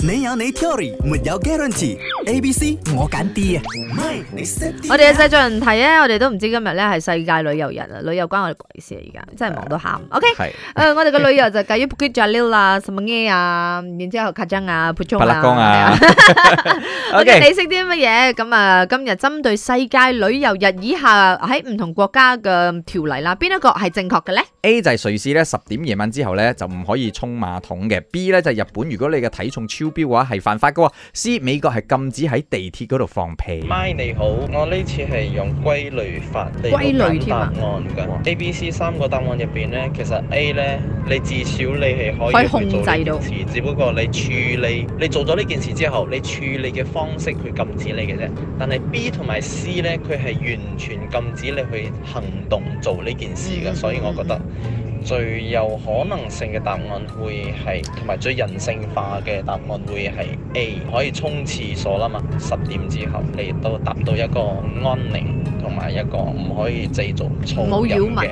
你有你 theory，沒有 guarantee。A、B、C 我揀 D 啊！我哋嘅製作人睇咧，我哋都唔知今日咧係世界旅遊日啊！旅遊關我哋鬼事啊！而家真係忙到喊。OK，誒，我哋嘅旅遊就介於 Bukit Jalil 啦、Semenyih 啊，然之後卡章啊、Puchong 啊。我哋你識啲乜嘢？咁啊，今日針對世界旅遊日以下喺唔同國家嘅條例啦，邊一個係正確嘅咧？A 就係瑞士咧，十點夜晚之後咧就唔可以沖馬桶嘅。B 咧就係日本，如果你嘅體重超。標話係犯法噶，C 美國係禁止喺地鐵嗰度放屁。My 你好，我呢次係用歸類法嚟揾答案噶。A 哇、B、C 三個答案入邊呢，其實 A 呢，你至少你係可以去做呢件事，只不過你處理你做咗呢件事之後，你處理嘅方式去禁止你嘅啫。但係 B 同埋 C 呢，佢係完全禁止你去行動做呢件事嘅，嗯、所以我覺得。最有可能性嘅答案會係，同埋最人性化嘅答案會係 A，可以沖廁所啦嘛，十點之後你都達到一個安寧，同埋一個唔可以製造噪音嘅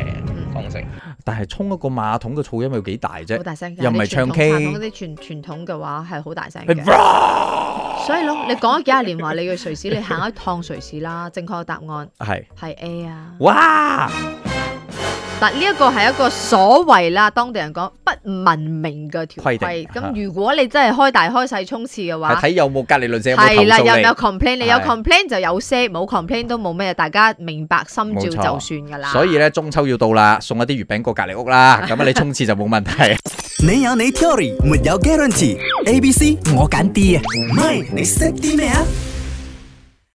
方式。嗯、但係沖一個馬桶嘅噪音有幾大啫？好大聲！又唔係唱 K，啲傳統嘅話係好大聲嘅。 所以咯，你講咗幾廿年話你去瑞士，你行一趟瑞士啦。 正確嘅答案係係是 A 啊。 嗱，呢一個係一個所謂啦，當地人講不文明嘅條規。咁如果你真係開大開細沖廁嘅話，係睇有冇隔離鄰舍，係啦，有唔有 complain？你有 complain 就有些，冇 complain 都冇咩，大家明白心照就算噶啦。所以咧，中秋要到啦，送一啲月餅過隔離屋啦。咁啊，你沖廁就冇問題。你有你 theory，沒有 guarantee。A B C，我揀 D 啊。唔係，你識啲咩啊？